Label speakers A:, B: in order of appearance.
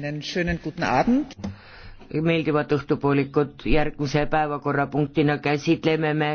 A: meeldivat õhtupoolikut, järgmise päevakorrapunktina käsitleme me